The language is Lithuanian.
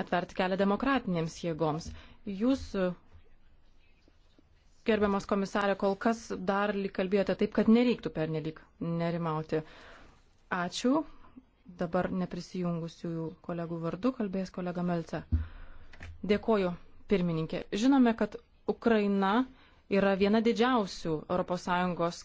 atverti kelią demokratinėms jėgoms. Jūs, gerbiamas komisarė, kol kas dar kalbėjote taip, kad nereiktų pernelyg nerimauti. Ačiū. Dabar neprisijungusiųjų kolegų vardu kalbės kolega Melce. Dėkoju, pirmininkė. Žinome, kad Ukraina yra viena didžiausių ES